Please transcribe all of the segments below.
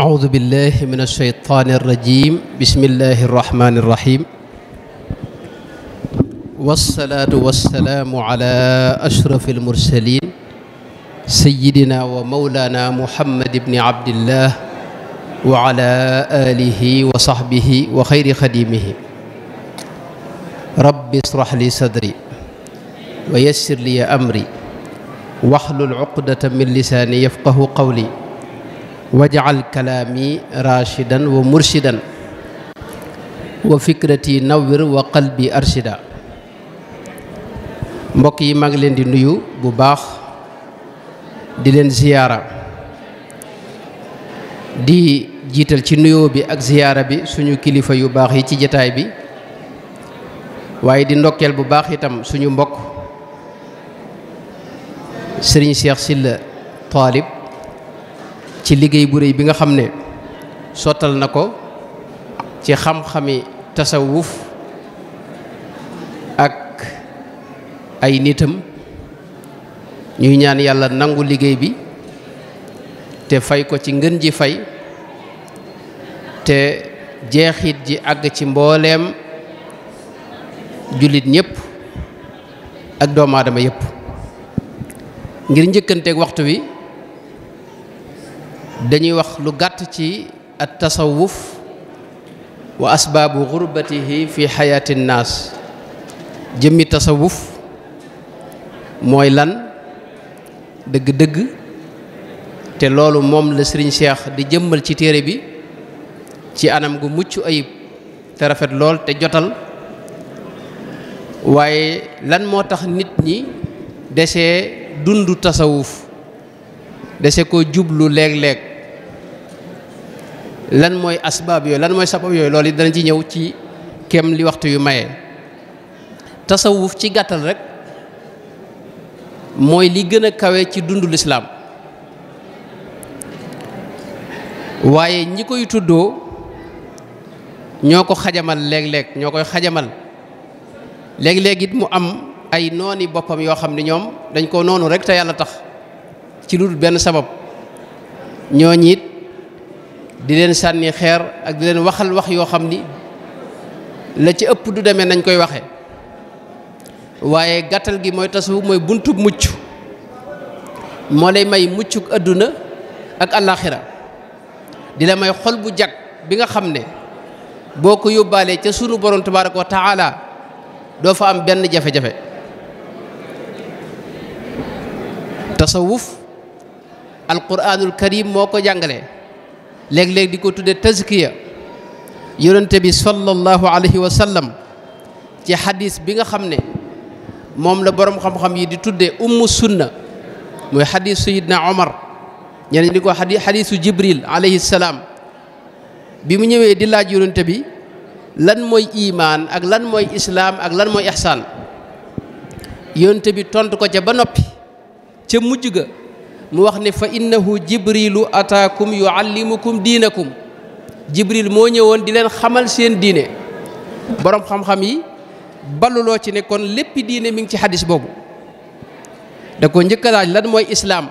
أعوذ بالله من الشيطان الرجيم بسم الله الرحمن الرحيم والصلاة والسلام على أشرف المرسلين سيدنا ومولانا محمد بن عبد الله وعلى آله وصحبه وخير خديمه رب اشرح لي صدري ويسر لي أمري واحلل عقدة من لساني يفقه قولي wajaxal kalaami raashidan wa murshidan wa fikrati nawwir wa qalbi arshida mbokk yi mag leen di nuyu bu baax di leen ziyaara di jiital ci nuyoo bi ak ziyaara bi suñu kilifa yu baax yi ci jataay bi waaye di ndokkeel bu baax itam suñu mbokk sëriñ Cheikh Sylla Talib ci liggéey bu réy bi nga xam ne sottal na ko ci xam-xami tasawuf ak ay nitam ñuy ñaan yàlla nangu liggéey bi te fay ko ci ngën ji fay te jeexit ji àgg ci mbooleem jullit ñépp ak doomu aadama yépp ngir njëkkanteeg waxtu wi dañuy wax lu gàtt ci at tasawuf wa asbaabu gurbatihi fi xayaati naas jëmmi tasawuf mooy lan dëgg-dëgg te loolu moom la sëriñ Cheikh di jëmmal ci téere bi ci anam gu mucc ayib te rafet lool te jotal waaye lan moo tax nit ñi desee dund tasawuf dese ko jublu léeg leek lan mooy asbaab yooyu lan mooy sabab yooyu loolu it dana ci ñëw ci kem li waxtu yu maye tasawuf ci gàttal rek mooy li gën a kawe ci dundu lislaam waaye ñi koy tuddoo ñoo ko xajamal léeg-léeg ñoo koy xajamal léeg-léeg mu am ay nooni boppam yoo xam ne ñoom dañ ko noonu rek te yàlla tax ci lu dul benn sabab ñooñu it di leen sànni xeer ak di leen waxal wax yoo xam ni la ci ëpp du demee nañ koy waxe waaye gàttal gi mooy tasu mooy buntu mucc moo lay may muccuk àdduna ak àllaaxira di la may xol bu jag bi nga xam ne boo ko yóbbaalee ca sunu borom tabaaraka wa taala doo fa am benn jafe-jafe tasawuf alquraanul karim moo ko jàngale léeg-léeg di ko tudde tazkiya yonente bi sallallahu alayhi wa sallam ci xadis bi nga xam ne moom la boroom xam-xam yi di tuddee ummu sunna mooy xadiis sayidna omar ñeneen di ko xadi xadisu jibril alayhi salaam bi mu ñëwee di laaj yonente bi lan mooy imaan ak lan mooy islaam ak lan mooy ixsaan yonente bi tontu ko ca ba noppi ca mujj ga mu wax ne fa innahu jibrilu ataakum yuallimukum diinakum jibril moo ñëwoon di leen xamal seen diine boroom xam-xam yi balluloo ci ne kon léppi diine mi ngi ci xadis boobu da ko njëkk lan mooy islaam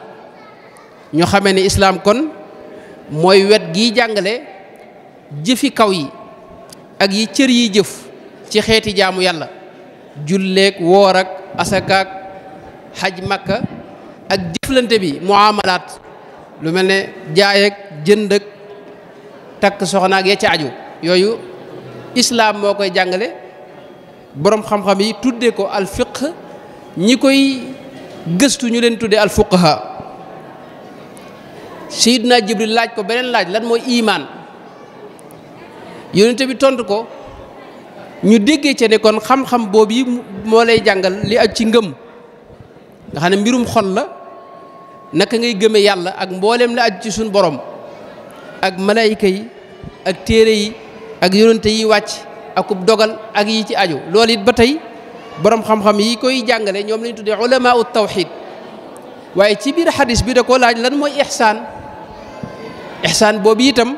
ñu xamee ni islaam kon mooy wet gi jàngale jëfi kaw yi ak yi cër yi jëf ci xeeti jaamu yàlla julleek woor ak asakaak xaj makka ak jëflante bi muamalaat lu mel ne jaay ak jënd ak takk soxna ak ya ca aju yooyu islaam moo koy jàngale boroom xam-xam yi tuddee ko al ñi koy gëstu ñu leen tuddee al fuqaha sayidna jibril laaj ko beneen laaj lan mooy iimaan yonente bi tontu ko ñu déggee ci ne kon xam-xam boobu yi moo lay jàngal li aj ci ngëm nga xam ne mbirum xol la naka ngay gëme yàlla ak mbooleem la aju ci sunu borom ak malayka yi ak téere yi ak yonente yi wàcc akub dogal ak yi ci aju loolu it ba tey borom xam-xam yi koy jàngale ñoom lañu tuddee ulama u tawxid waaye ci biir xadis bi da laaj lan mooy ixsaan ixsaan boobu itam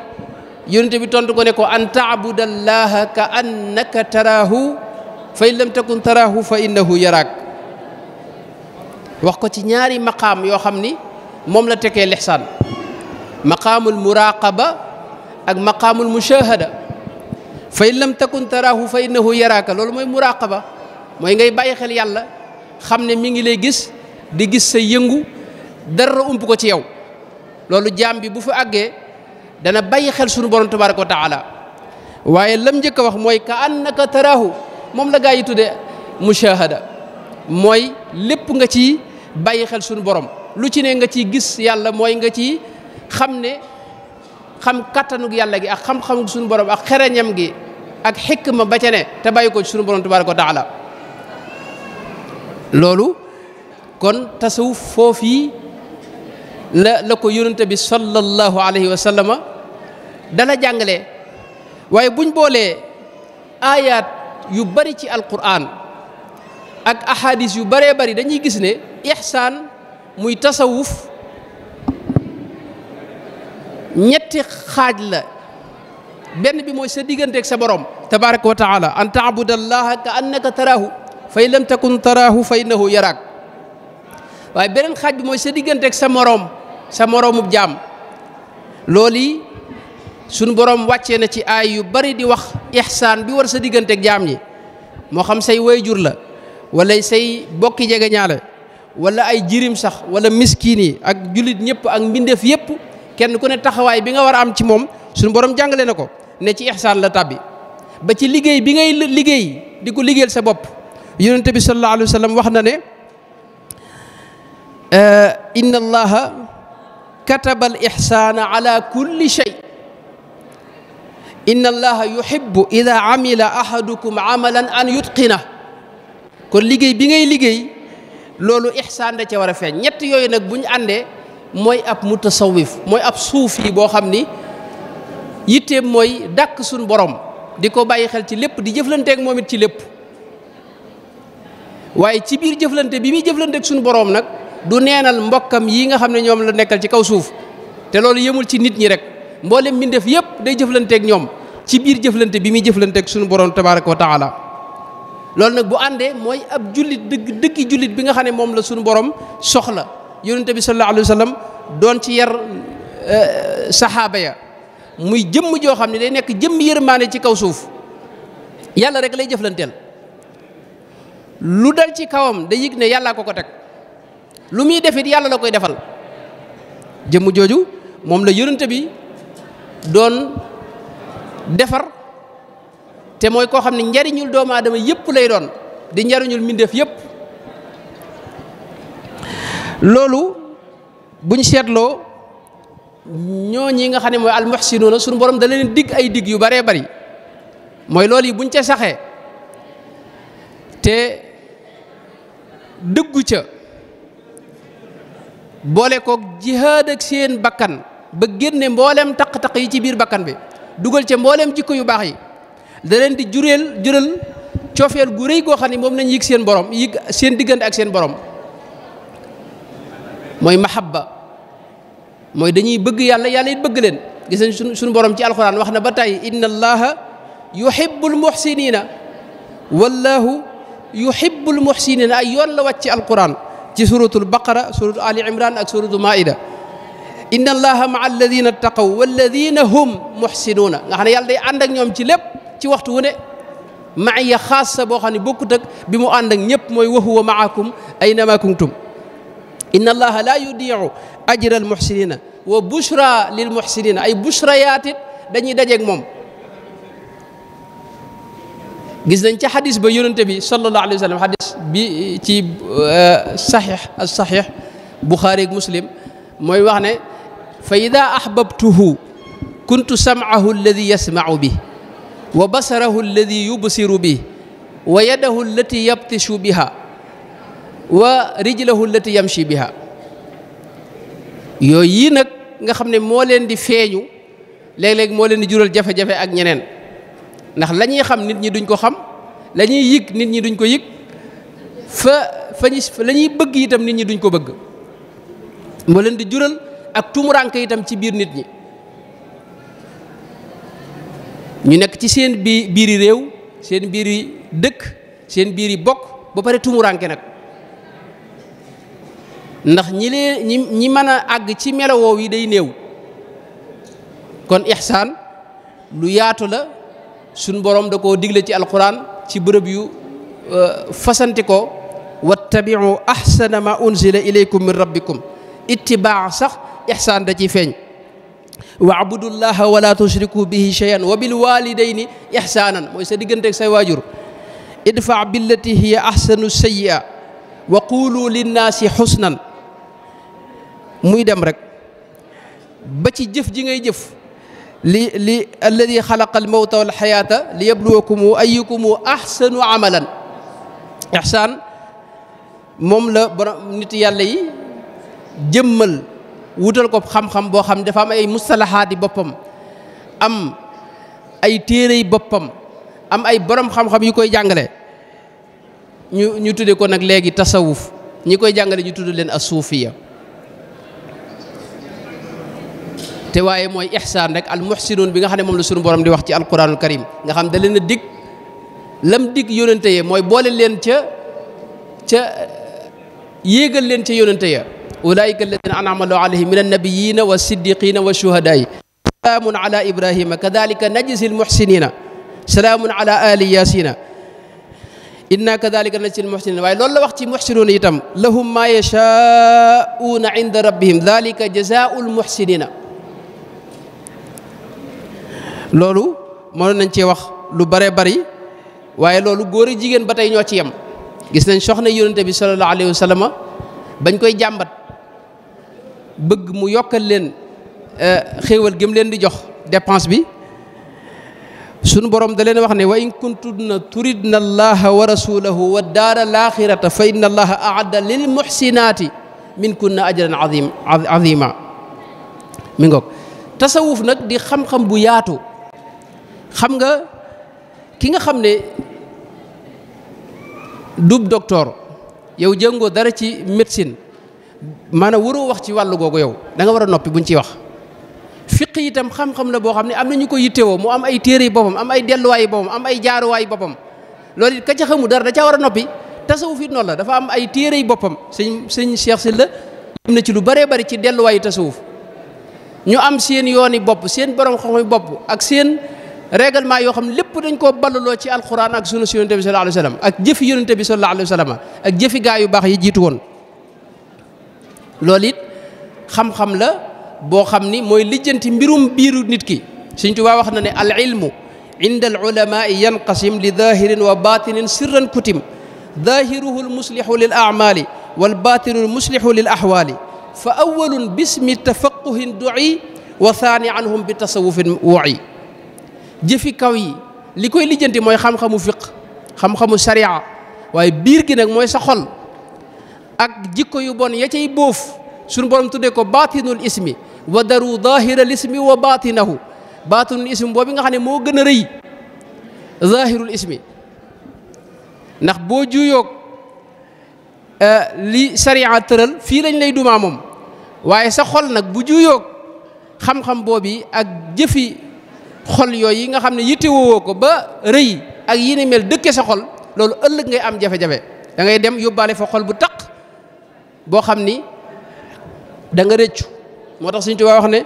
yonente bi tontu ko ne ko an taabudallaha ka annaka taraahu fa in lam takun taraahu fa innahu yaraak wax ko ci ñaari maqaam yoo xam ni moom la tekkee lixsaan maqaamul muraqaba ak maqaamul mushahada fa in lam takun taraahu fay innahu yaraaka loolu mooy muraqaba mooy ngay bàyyi xel yàlla xam ne mi ngi lay gis di gis sa yëngu dara ump ko ci yow loolu jaam bi bu fa àggee dana bàyyi xel sunu borom tabaraka wa taala waaye lam njëkk wax mooy ka taraahu moom la gaa yi tuddee mushahada mooy lépp nga ci bàyyi xel sunu borom lu ci ne nga ciy gis yàlla mooy nga ci xam ne xam kattanug yàlla gi ak xam-xamug suñu borom ak xereñam gi ak ma ba ca ne te bàyyi ko sunu suñu borom tabaaraka wa taala loolu kon tasawuf foofii la la ko yonente bi sallallahu alayhi wa sallama dala jàngale waaye buñ boolee aayaat yu bari ci alquran ak ahaadis yu bëree bari dañuy gis ne ihsaan muy tasawuf ñetti xaaj la benn bi mooy sa digganteeg sa boroom tabaraka wa taala an taabudallaha ka annaka taraahu fa in lam takun taraahu fa innahu yaraak waaye beneen xaaj bi mooy sa digganteeg sa moroom sa moroomub jaam loolu sunu boroom wàccee na ci aay yu bari di wax ihsaan bi war sa digganteeg jaam yi moo xam say wayjur la wala sey bokki jege ñaale wala ay jirim sax wala miskin yi ak julit ñëpp ak mbindeef yépp kenn ku ne taxawaay bi nga war a am ci moom suñu borom jàngale na ko ne ci ihsaan la tàbbi ba ci liggéey bi ngay liggéey di ko liggéeyal sa bopp yonente bi sallallahu alayhi wax na ne inna allaha kataba al ihsaana ala kulli shay inna allaha yuhibbu ida amila ahadukum amalan an yutqina kon liggéey bi ngay liggéey loolu ixsaan da ca a feeñ ñett yooyu nag bu ñu àndee mooy ab mutasawif mooy ab suufi boo xam ni yitteem mooy dàkk suñ borom di ko bàyyi xel ci lépp di jëflanteek moom it ci lépp waaye ci biir jëflante bi muy jëflanteek suñu borom nag du neenal mbokkam yi nga xam ne ñoom la nekkal ci kaw suuf te loolu yemul ci nit ñi rek mboolem mbindeef yépp day jëflanteek ñoom ci biir jëflante bi muy jëflanteek suñu borom tabaaraka wa taala loolu nag bu àndee mooy ab jullit dëgg dëggi jullit bi nga xam ne moom la suñu borom soxla yonente bi sallallahu alayhi wa sallam doon ci yar eh, saxaaba ya muy jëmm joo xam ne day nekk jëmm yërmaane ci kaw suuf yàlla rek lay jëflanteel lu dal ci kawam da ne yàllaa ko ko teg lu muy defit yàlla la koy defal jëmm jooju moom la yonente bi doon defar te mooy koo xam ne njariñul doomu aadama yëpp lay doon di njariñul mbindeef yëpp loolu buñ seetloo ñoo ñi nga xam ne mooy na sunu borom da leen digg ay digg yu baree bari mooy loolu yi buñ ca saxee te dëggu ca boole kook jihaad ak seen bakkan ba génne mboolem taq-taq yi ci biir bakkan bi dugal ca mbooleem jikko yu baax yi da di jureel jural coofeel gu rëy goo xam ne moom nañ yëg seen borom yëg seen diggante ak seen borom mooy mahabba mooy dañuy bëgg yàlla yàlla it bëgg leen gis nañ suñu suñu borom ci alxuraan wax na ba tey inna allaha yuhibbul muhsinina wallahu yuhibbul muhsinina ay yoon la wàcc ci alxuraan ci suratul baqara suratu ali imran ak suratu maida inna allaha maa alladina taqaw walladina hum muhsinuuna nga xam ne yàlla day ànd ak ñoom ci lépp ci waxtu wu ne maaya xaasa boo xam ne bokkut ak bi mu ànd ak ñëpp mooy wa huwa maakum aynama kuntum inna allaha la yudiu ajra al muxsinina wa bushra lil muxsinina ay bushra yaatit dañuy dajeeg moom gis nañ ca xadis ba yonente bi sallallahu alayhi wa bi ci euh, saxiix as saxiix buxaari muslim mooy wax ne fa ida ahbabtuhu kuntu samaahu alladi yasmau bi wa basarahu alladi yubsiru bi wa yadahu allati yabtishu biha wa rijlahu allati yamshi biha yooyu yii nag nga xam ne moo leen di feeñu léeg-léeg moo leen di jural jafe-jafe ak ñeneen ndax lañuy xam nit ñi duñ ko xam la ñuy nit ñi duñ ko yëg fa fa ñu la ñuy bëgg itam nit ñi duñ ko bëgg moo leen di jural ak tumuraanke itam ci biir nit ñi ñu nekk ci seen bi biiri réew seen yi dëkk seen biir yi bokk ba pare tumuranke nag ndax ñi leen ñi ñi mën a àgg ci melowoow yi day néew kon ihsaan lu yaatu la suñ boroom da koo digle ci alxuraan ci bërëb yu euh, fasanti ko wattabiu ahsana ma unzila ilaykum min rabbikum ittibaa sax ihsaan da ciy feeñ waabudu llaha wala tushriku bihi cheyan wa bilwalidayni ixsaanan mooy sa diggante ak say waajur idfa billati hiya ahsanu sayia wa qulu linnaasi xusnan muy dem rek ba ci jëf ji ngay jëf li li alladi xalaqa almawta walxayaata li yabluwakum ayukum ahsanu amalan ixsaan moom la borom nit yàlla yi jëmmal wutal ko xam-xam boo xam dafa am ay mustalahaati boppam am ay téere yi boppam am ay borom xam-xam yu koy jàngale ñu ñu tudde ko nag léegi tasawuf ñi koy jàngale ñu tudd leen as-suufiya te waaye mooy ihsaan rek al muhsinuun bi nga xam ne moom la sunu borom di wax ci alquranul karim nga xam da leen a dig lam dig yónente ya mooy boole leen ca ca yéegal leen ca yónente ya ulaayika alladina anama allahu alayhim min annabiyina wa siddiqina wa shuhadaai salaamun ala ibrahima kadalika najzi almuxsinina salaamun ala ali yasina inna kadalika najzi almuxsinina waaye loolu la wax ci muxsinuuna itam lahum maa yashaauna inda rabbihim dalika jazaau almuxsinina loolu mënoon nañ cee wax lu bare bari waaye loolu góor ak jigéen ba tey ñoo ci yem gis nañ soxna na bi sallallahu alayhi wa sallam bañ koy jàmbat bëgg mu yokkal leen euh, xéewal gëm leen di jox dépense bi sunu borom da leen wax ne wa in kuntunna turidna allaha wa rasulahu wa daara alaaxirata fa inna allaha aadda lil muxsinaati min kunna ajran azim azima mi ngoog tasawuf nag di xam-xam bu yaatu xam nga ki nga xam ne dub docteur yow jëngoo dara ci médecine maanaam waroo wax ci wàllu googu yow danga war a noppi buñ ciy wax. fiq itam xam-xam la boo xam ne am na ñu ko yittewoo mu am ay téere boppam am ay delluwaayu boppam am ay jaaruwaayu boppam loolu it ka ca xamu dara da caa war a noppi tasawuf it noonu la dafa am ay téere boppam sëñ sëñ Cheikh Sylla na ci lu bëree bëri ci delluwaayu tasawuf ñu am seen yooni bopp seen borom xam-xam bopp ak seen règlement yoo xam lépp dañ koo balluloo ci alquran ak sunna si yonente bi sallallahu alayhi wa sallam ak jëfi yonente bi sallallahu alayhi wa sallam ak jëfi yu baax yi jiitu woon loolu it xam la boo xam ni mooy lijjanti mbirum biiru nit ki Sëñ Tuubaa wax na ne al ilmu inda al ulamaai yanqasim li dahirin wa batinin sirran kutim dahiruhu al muslihu lil aamali wal batinu al muslihu fa awalun bismi tafaquhin dui wa thani anhum bi tasawufin wui jëfi kaw yi li koy lijjanti mooy xam-xamu fiq xam-xamu sharia waaye biir ki nag mooy sa ak jikko yu bon ya cay bóof su bon tuddee ko baatinul ismi wa daru zahiral ismi wa baatinahu baatinul ismi boobu nga xam ne moo gën a rëy zahirul ismi ndax boo juyoog eh, li sariya tëral fii lañ lay dumaa moom waaye sa xol nag bu juyoog xam-xam boobu ak jëfi xol yooyu nga xam ne yittewoo ko ba rëy ak yi ni mel dëkke sa xol loolu ëllëg ngay am jafe-jafe da dem yóbbaale fa xol bu taq boo xam ni danga nga rëccu moo tax Sëriñ Tuubaa wax ne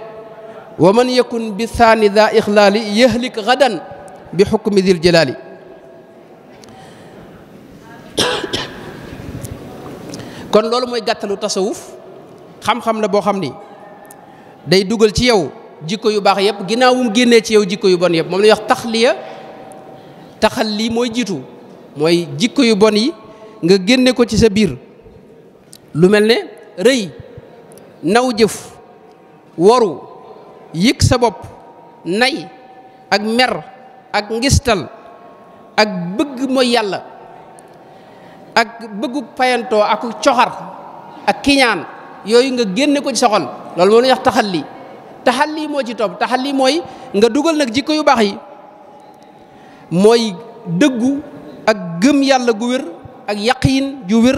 wa man yakun bi saani da ixlaali yëhlik gadan bi xukmi dil jalaali kon loolu mooy gàttalu tasawuf xam-xam la boo xam ni day dugal ci yow jikko yu baax yëpp ginnaaw génnee ci yow jikko yu bon yëpp moom la wax taxliya taxal lii mooy jiitu mooy jikko yu bon yi nga génne ko ci sa biir lu mel ne rëy naw jëf woru yëg sa bopp nay ak mer ak ngistal ak bëgg mooy yàlla ak bëggu payantoo ak coxar ak kiñaan yooyu nga génne ko ci soxal loolu moo ñuy wax taxal lii taxal lii moo ci topp taxal lii mooy nga dugal nag jikko yu baax yi mooy dëggu ak gëm yàlla gu wér ak yaqiin ju wér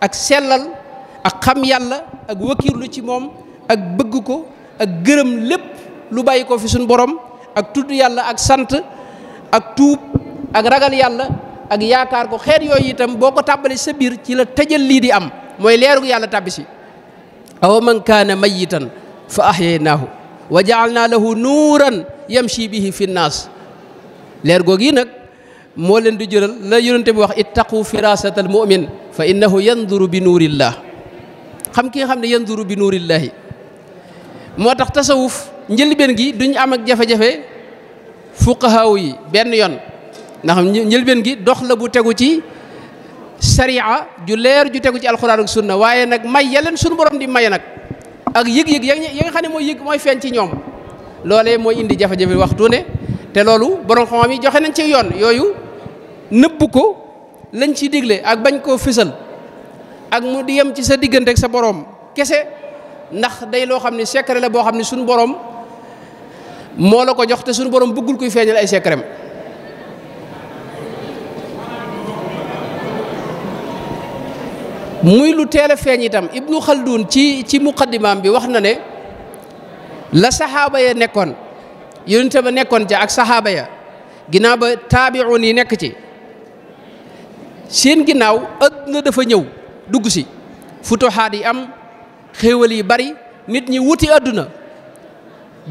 ak sellal ak xam yàlla ak wakiirlu ci moom ak bëgg ko ak gërëm lépp lu bàyyi ko fi suñu borom ak tudd yàlla ak sant ak tuub ak ragal yàlla ak yaakaar ko xeet yooyu itam boo ko tàbbali sa biir ci la tëjal lii di am mooy leerug yàlla tàbbi si awa man kaana mayitan fa ahyaynaahu wa jaalnaa lahu nuuran yamshi bihi fi nnaas leer googi nag moo leen di jëral la yonente bi wax ittaqu firasata al mumin fa innahu yanduru bi nuurillah xam ki nga xam ne yanduru bi nuurillaahi moo tax tasawuf njëlbeen gi duñ am ak jafe-jafe fuqahaaw yi benn yoon ndax njëlbeen gi dox la bu tegu ci sariya ju leer ju tegu ci alxuraan ak sunna waaye nag may yaleen sunu borom di may nag ak yëg-yëg ya nga xam ne mooy yëg mooy feeñ ci ñoom loolee mooy indi jafe-jafe waxtu ne te loolu borom xam yi joxe nañ ci yoon yooyu nëbb ko lañ ci digle ak bañ koo fësal ak mu diyam ci sa diggante ak sa boroom kese ndax day loo xam ne secret la boo xam ne suñu boroom moo la ko jox te suñu boroom bëggul kuy feeñal ay secretam muy lu teel a feeñ itam ibnu xaldun ci ci muqaddimaam bi wax na ne la saxaaba ya nekkoon tam a nekkoon ca ak saxaaba ya ginnaaw ba taabiun yi nekk ci seen ginnaaw adduna dafa ñëw dugg si futuxaat yi am xéewal yi bari nit ñi wuti àdduna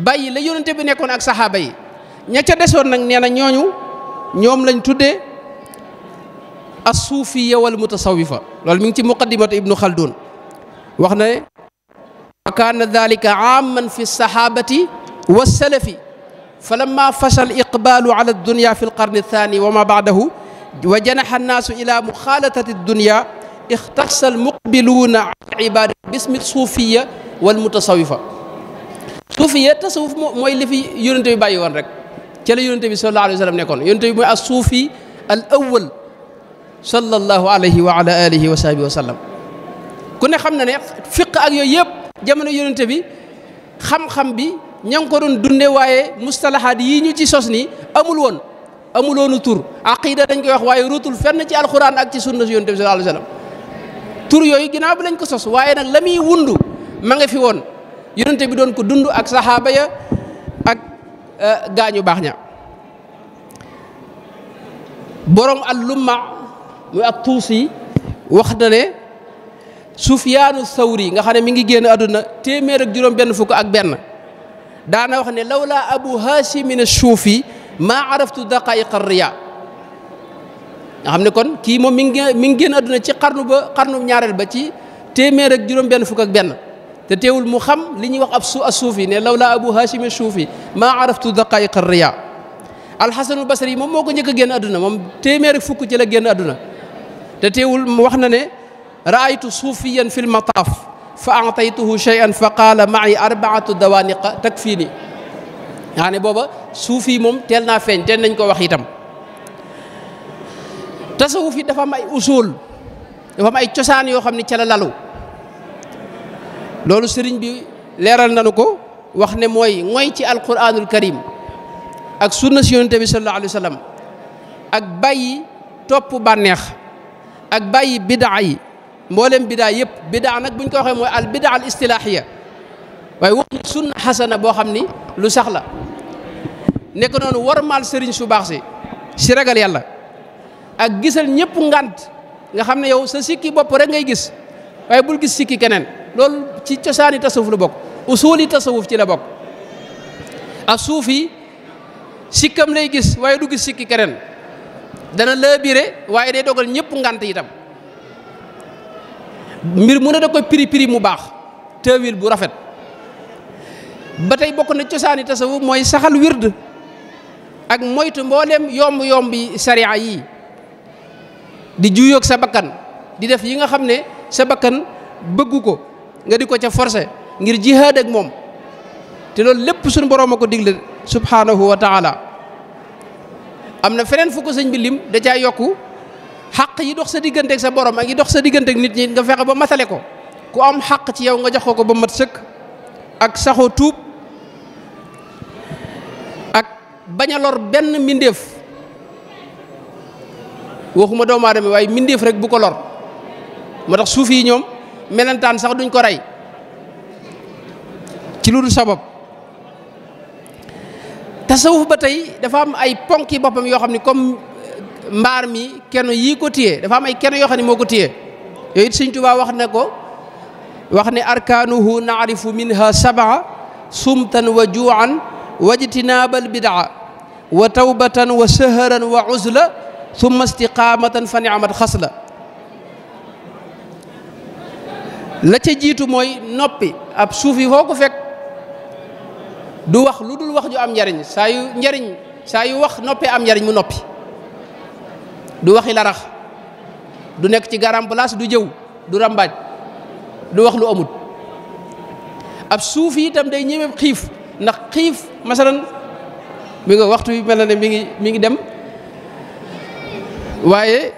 bàyyi la yonente bi nekkoon ak saxaaba yi ña ca desoon nag nee na ñooñu ñoom lañ tuddee as-suufiya wal mutasawifa loolu mi ngi ci muqaddimatu ibnu xaldun wax ne wa kaana dalika aamman fi saxaabati wa salafi fa lamma fasha al iqbaalu ala dunya fi al qarni athani baadahu wa janaxa ila muxaalatati dunya ixtasal muqbiluuna an ibada bismi suufiya wal mutasawifa suufiya tasawuf mooy li fi yónente bi bàyyi woon rek ca la yónente bi sallallahu alayhi wa sallam nekkoon yónente bi mooy as suufi al awal sallallahu alayhi wa ala alihi wa sahbihi wa sallam ku ne xam na ne fiq ak yooyu yëpp jamono yónente bi xam-xam bi ña ngi ko doon dunde waaye mustalahaat yii ñu ci sos nii amul woon amul woonu tur aqida dañ koy wax waaye ruutul fenn ci alquran ak ci sunna si yónente bi sallallahu alayhi wa sallam tur yooyu ginnaaw bi lañ ko sos waaye nag la muy wundu ma nga fi woon yonente bi doon ko dund ak saxaaba ya ak eh, gaañu baax ña borom al lumma muy ak tuus yi wax na ne sufyaanu sawri nga xam ne mi ngi génn àdduna téeméer ak juróom benn fukk ak benn daana wax ne lawla abu haasimin suufi maa araftu daqaiqa riya nga xam ne kon kii moom mi ngi mi ngi génn àdduna ci xarnu ba xarnu ñaareel ba ci téeméer ak juróom benn fukk ak benn te teewul mu xam li ñuy wax ab su a suufi ne lawla abu hashim suufi maa araftu daqaiq riya alxasanul basri moom moo ko njëkk a génn àdduna moom téeméer fukk ci la génn àdduna te teewul mu wax na ne raaytu suufiyan fi lmataaf fa aataytuhu cheyan fa qaala maay arbaatu dawaaniqa takfiini yaa ne booba suufi moom tel naa feeñ teel nañ ko wax itam tasawuf yi dafa am ay usul dafa am ay cosaan yoo xam ne ca la loolu sëriñ bi leeral nañu ko wax ne mooy mooy ci alquranul karim ak sunna si yonent bi sallallahu alayhi ak bay topp bànneex ak bay bidaa yi mboolem bidaa yëpp bidaa nag buñ ko waxee mooy al bidaa al istilaahiya waaye wax sunna xasana boo xam ni lu sax la nekk noonu warmaal sëriñ su baax si si ragal yàlla ak gisal ñëpp ngant nga xam ne yow sa sikki bopp rek ngay gis waaye bul gis sikki keneen loolu ci cosaani tasawuf la bokk usuli tasawuf ci la bokk a suufi sikkam lay gis waaye du gis sikki keneen dana laabire waaye day dogal ñëpp ngant itam mbir mu ne da koy mu baax teewil bu rafet ba tey bokk na cosaani tasawuf mooy saxal wird ak moytu mboolem yomb yomb yi yi di juyoog sa bakkan di def yi nga xam ne sa bakkan bëggu ko nga di ko ca forcé ngir jihaad ak moom te loolu lépp suñu borom a ko digle subhanahu wa taala am na feneen fu ko sëñ bi lim da caa yokku xaq yi dox sa diggante ak sa borom ak yi dox sa diggante ak nit ñi nga fexe ba matale ko ku am xaq ci yow nga jox ko ko ba mat sëkk ak saxoo tuub ak bañ a benn mbindeef waxuma doomu adam waaye mbindeef rek bu ko lor moo tax suuf yi ñoom melentaan sax duñ ko rey ci lu dul sabab tasawuf ba tey dafa am ay ponki boppam yoo xam ni comme euh, mbaar mi kenn yii ko téye dafa am ay kenn yoo xam ne moo ko téye yooyu it Sëñ wax na ko wax ne arkaanuhu naarifu minha sabaa sumtan wa juuan wajtinaabal bidaa wa tawbatan wa sëhëran wa uzla summa istiqaamatan fa fan xas la la ca jiitu mooy noppi ab suuf yi foo ko fekk du wax lu dul wax ju am njariñ saa yu njariñ saa yu wax noppee am njariñ mu noppi du waxi larax du nekk ci garam place du jëw du rambaaj du wax lu amut ab suuf yi itam day ñëwee xiif ndax xiif masalan mi nga waxtu bi mel na ne mi mi ngi dem waaye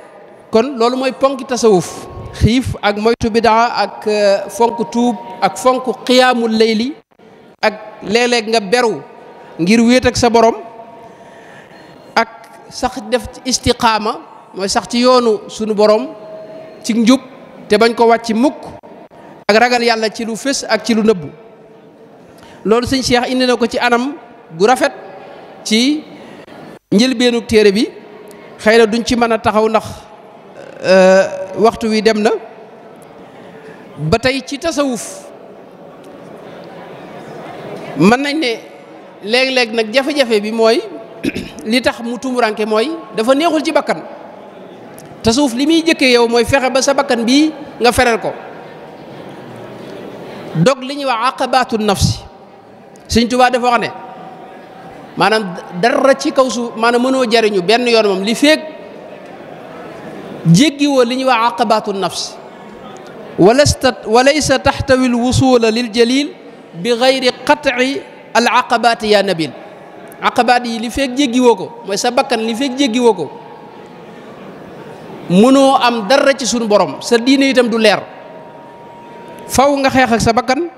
kon loolu mooy ponk tasawuf xiif ak moytu bidaa ak euh, fonk tuub ak fonk xiyaamul layli ak léeg-léeg nga beru ngir wéet sa borom ak sax def ci istiqaama mooy sax ci yoonu sunu borom ci njub te bañ ko wàcc mukk ak ragal yàlla ci lu fés ak ci lu nëbbu loolu sëñ Cheikh indina ko ci anam gu rafet ci njëlbeenu téere bi xëy na duñ ci mën a taxaw ndax euh, waxtu wi dem na ba tey ci tasawuf mën nañ ne léeg-léeg nag jafe-jafe bi mooy li tax mu tumuranke mooy dafa neexul ci bakkan tasawuf li muy jëkkee yow mooy fexe ba sa bakkan bii nga fereel ko dog li ñuy wax aqabaatu nafsi Sëñ Tuubaa dafa wax ne maanaam dara ci kaw suuf maanaam mënoo jariñu benn yoon moom li feeg jéggiwoo li ñuy wax aqabatu nafs walasta walaysa taxtawi l wusula lil jalil bi gayri qatci al aqabaati ya nabil aqabaat yi li feeg jéggiwoo ko mooy sa bakkan li feeg jéggiwoo ko mënoo am dara ci suñu borom sa diine itam du leer faw nga xeex ak sa bakkan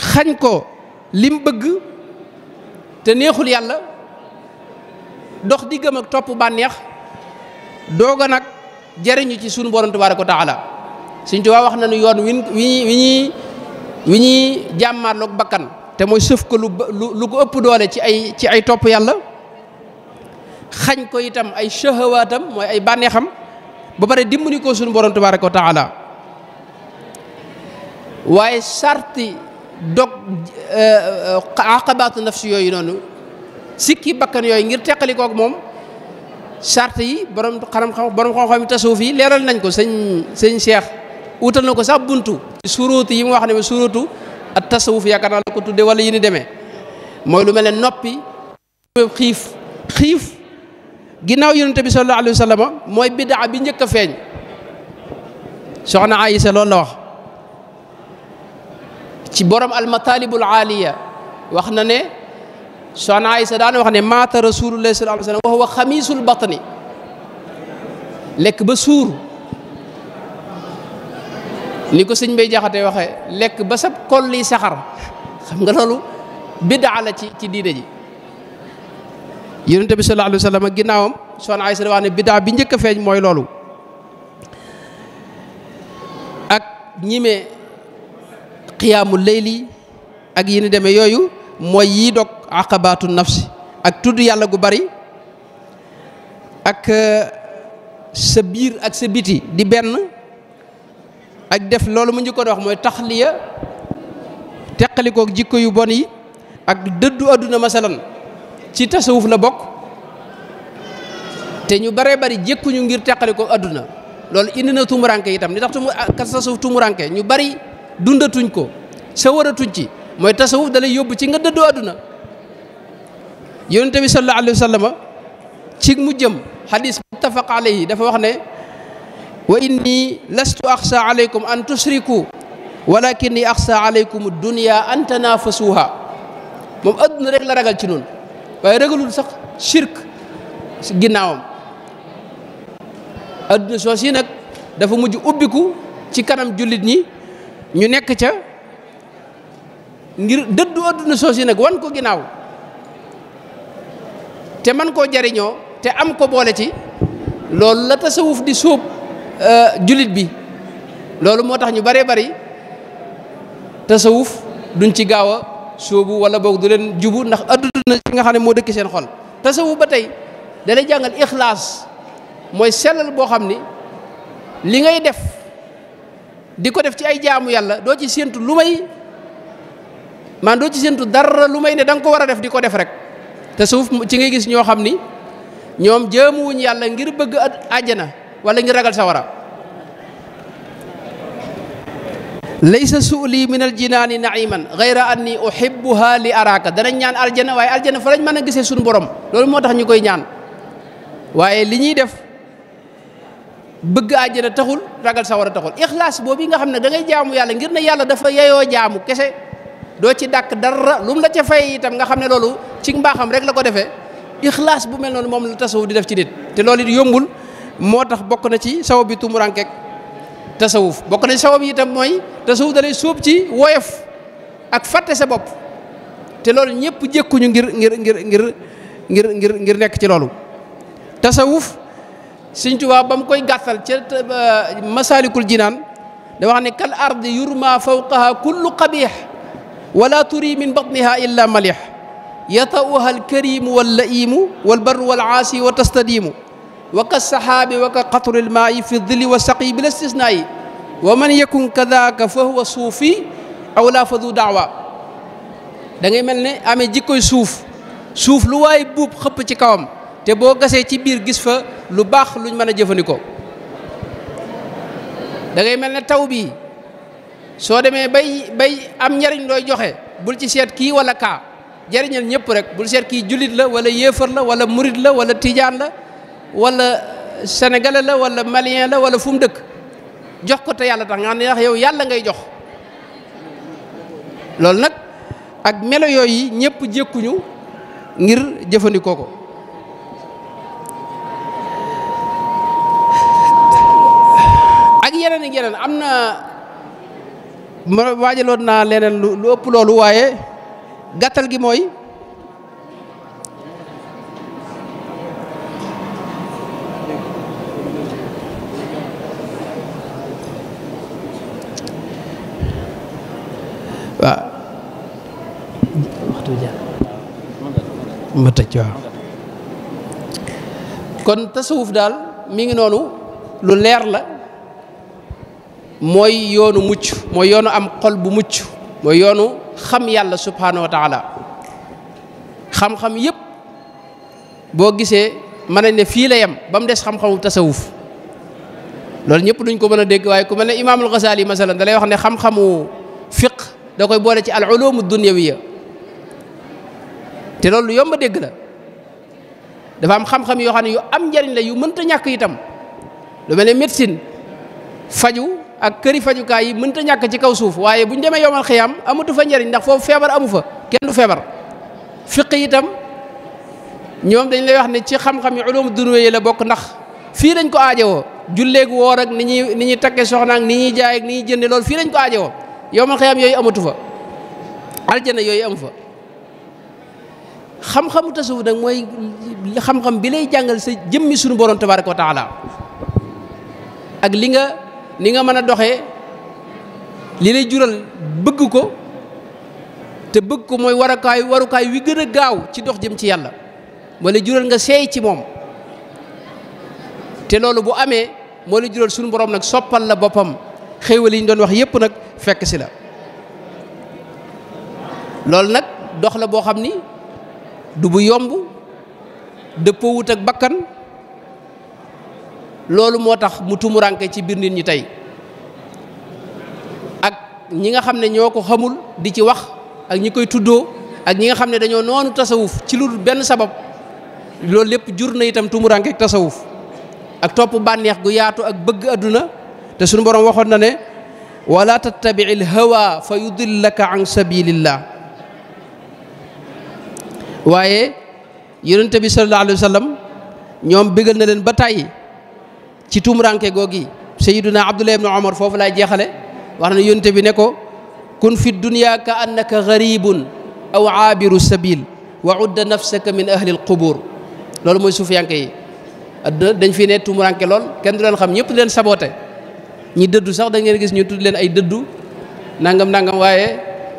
xañ ko lim bëgg te neexul yàlla dox diggam ak topp bànneex dooga nag jariñu ci sunu borom tabaaraka wa taala Sëñ Tuubaa wax na nu yoon wi ñuy wi ñuy jàmmaarloog bakkan te mooy sëf ko lu lu ko ëpp doole ci ay ci ay topp yàlla xañ ko yitam ay shahawaatam mooy ay bànneexam ba pare dimbali ko sunu borom tabaaraka wa taala waaye sarti dog euh, euh, aqabaatu nafsi yooyu noonu sikki bakkan yooyu ngir teqalikook moom charte yi borom xaram borom xam-xam yi tasawuf yi leeral nañ ko sëñ sëñ Cheikh utal na ko sax buntu suruutu yi mu wax ne suruutu ak tasawuf yaakaar naa la ko tudde wala yi deme demee mooy lu mel ne noppi xiif xiif ginnaaw yonente bi sallallahu alayhi mooy bidaa bi njëkk a feeñ soxna Aïssa loolu la wax ci borom almatalibul aaliya wax na ne soxna Aysa daan wax ne maata rasulullahi sallallahu alayhi wa sallam wa huwa xamisul batni lekk ba suur ni ko sëñ bay jaxate waxe lekk ba sa kol li saxar xam nga loolu ci ci diine ji yonent bi sallallahu alayhi wa sallam wax ne biddaa bi njëkk feeñ mooy loolu ak ñime qiyaamu layli ak yi deme yooyu mooy yii dog aqabaatu nafsi ak tudd yàlla gu bari ak euh, sa biir ak sa biti di benn ak def loolu mu njëkkoon wax mooy taxliya teqalikook jikko yu bon yi ak dëddu àdduna masalan ci tasawuf la bokk te ñu bare bari jëkkuñu ngir teqalikook àdduna loolu indi na tumuranke itam li tax tumu tasawuf ñu bari dundatuñ ko sawaratuñ ci mooy tasawuf dalay yóbbu ci nga dëddoo àdduna yonente bi sallallahu alayhi wa sallama ci mu jëm xadis muttafaq alayhi dafa wax ne wa inni lastu axsa alaykum an tushriku walakinni axsa alaykum dunya an tanafasuha moom àdduna rek la ragal ci noonu waaye ragalul sax shirk ginnaawam àdduna soos yi nag dafa mujj ubbiku ci kanam jullit ñi ñu nekk ca ngir dëddu adduna soosi nag wan ko ginnaaw te man koo jariñoo te am ko boole ci loolu la tasawuf di sóob euh, julit bi loolu moo tax ñu baree bari tasawuf duñ ci gaaw a sóobu wala boog du leen jubu ndax adduna ci nga xam ne moo dëkk seen xol tasawuf ba tey dalay jàngal ixlaas mooy sellal boo xam ni li ngay def di ko def ci ay jaamu yàlla doo ci séentu lu may man doo ci séentu dara lu may ne da ko war a def di ko def rek te suuf ci ngay gis ñoo xam ni ñoom jëmuwuñ yàlla ngir bëgg àjjana wala ngir ragal sawara laysa suuli min aljinaani naiman gayra anni uhibbuha li araaka danañ ñaan aljana waaye aljana fa lañ mën a gisee suñu borom loolu moo tax ñu koy ñaan waaye li ñuy def bëgg àjjana taxul ragal sawara taxul ixlaas boobu yi nga xam ne da ngay jaamu yàlla ngir ne yàlla dafa yeyoo jaamu kese doo ci dàkk dara lu mu la ca fay itam nga xam ne loolu ci mbaaxam rek la ko defee ixlaas bu mel noonu moom la tasawuf di def ci nit te loolu it yombul moo tax bokk na ci saw bi tumurankek tasawuf bokk na ci saw bi itam mooy tasawuf da lay sóob ci woyof ak fàtte sa bopp te loolu ñëpp jékkuñu ngir ngir ngir ngir ngir ngir ngir nekk ci loolu tasawuf Sëñ Tuubaa ba koy gàttal ca masaalikul jinaan da wax ne kal ardi yurma fawqaha kullu qabih wala min batniha illa malih yata'uha alkarimu wallaimu walbarru walcaasi wa tastadiimu wa kasahaabi fi dili wa bila istisnaai wa man yakun kadaka fa huwa suufi aw laa fa du mel ne amee jikkoy suuf suuf lu waaye buub xëpp ci kawam te boo gasee ci biir gis fa lu baax luñ mën a jëfandikoo dangay ngay mel ne taw bii soo demee bay bay am njariñ looy joxe bul ci seet kii wala kaa jariñal ñëpp rek bul seet kii jullit la wala yéefar la wala murit la wala tijaan la wala sénégalais la wala malien la wala fu mu dëkk jox ko te yàlla tax nga xam ne yow yàlla ngay jox loolu nag ak melo yi ñëpp jékkuñu ngir jëfandikoo ko yeneen ak yeneen am na ma waajaloon naa leneen lu ëpp loolu waaye gàttal gi mooy waaw waxtu ja daal mi ngi noonu lu leer la mooy yoonu mucc mooy yoonu am xol bu mucc mooy yoonu xam yàlla subhaanahu wa taala xam-xam yëpp boo gisee mën nañ ne fii la yem ba mu des xam-xamu tasawuf loolu ñëpp duñ ko mën a dégg waaye ku mel ne imaamul Ghazali masalan da lay wax ne xam-xamu fiq da koy boole ci al ulumu dunyawiya te loolu yomb dégg la dafa am xam-xam yoo xam ne yu am njariñ la yu mënta ñàkk itam lu mel ne médecine faju ak këri fajukaay yi mënta ñàkk ci kaw suuf waaye bu ñu demee yomal xiyam amatu fa njariñ ndax foofu feebar amu fa kenn du feebar fiq itam ñoom dañ lay wax ne ci xam-xam yi ulum dunya la bokk ndax fii dañ ko aajowoo julleeg woor ak ni ñuy ni ñuy takkee soxna ni ñuy jaay ak ni ñuy jënde loolu fii lañ ko aajowoo yomal xiyam yooyu amatu fa aljana yooyu amu fa xam-xamu tasawuf nag mooy xam-xam bi lay jàngal sa jëmmi sunu borom tabaraka wa ak li ni nga mën a doxee li lay jural bëgg ko te bëgg ko mooy warakaay warukaay wi gën a gaaw ci dox jëm ci yàlla moo jural nga seey ci moom te loolu bu amee moo lay jural sunu borom nag soppal la boppam xéewal yi ñu doon wax yépp nag fekk si la loolu nag dox la boo xam ni du bu yomb dëppoo wut ak bakkan loolu moo tax mu tumuraanke ci biir nit ñi tey ak ñi nga xam ne ñoo ko xamul di ci wax ak ñi koy tuddoo ak ñi nga xam ne dañoo noonu tasawuf ci lu benn sabab loolu lépp jur na itam tumuranke ak tasawuf ak topp bànneex gu yaatu ak bëgg àdduna te suñu borom waxoon na ne wala tattabii l hawa fa yudillaka an sabilillah waaye yonente bi sallallahu alayhi wa ñoom bégal na leen ba tàyyi ci tumuranke googi sayiduna abdullah ibnu omar foofu laay jeexale wax na yonte bi ne ko kun fi dunya ka annaka garibun aw aabiru sabil wa udda nafsaka min ahli alqubur loolu mooy suufiyanke yi adduna dañ fi ne tumuranke lool kenn du leen xam ñëpp leen saboté ñi dëddu sax da ngeen gis ñu tudd leen ay dëddu nangam nangam waaye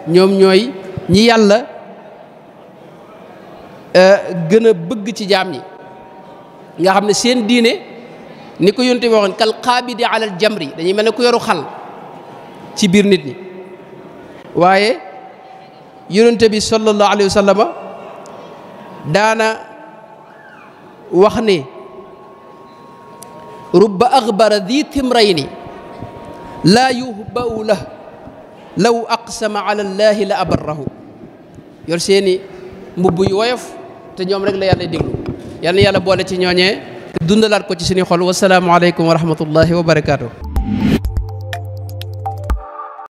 ñoom ñooy ñi yàlla euh, gën a bëgg ci jaam ñi nga xam ne seen diine ni ko yonte bi waxoon kal xaabidi alal jamri dañuy mel ne ku yoru xal ci biir nit ñi waaye yonente bi sallallahu alayhi wa sallama daana wax ni rubba axbara di timrayni laa yuhbau lah law aqsama ala llaahi la abarrahu yor seeni mbubbu yu woyof te ñoom rek la yàlla déglu yal na yàlla boole ci ñooñee dundalaat ko ci suñu xol wasalaamualeykum wa rahmatullahi wa barakaatu.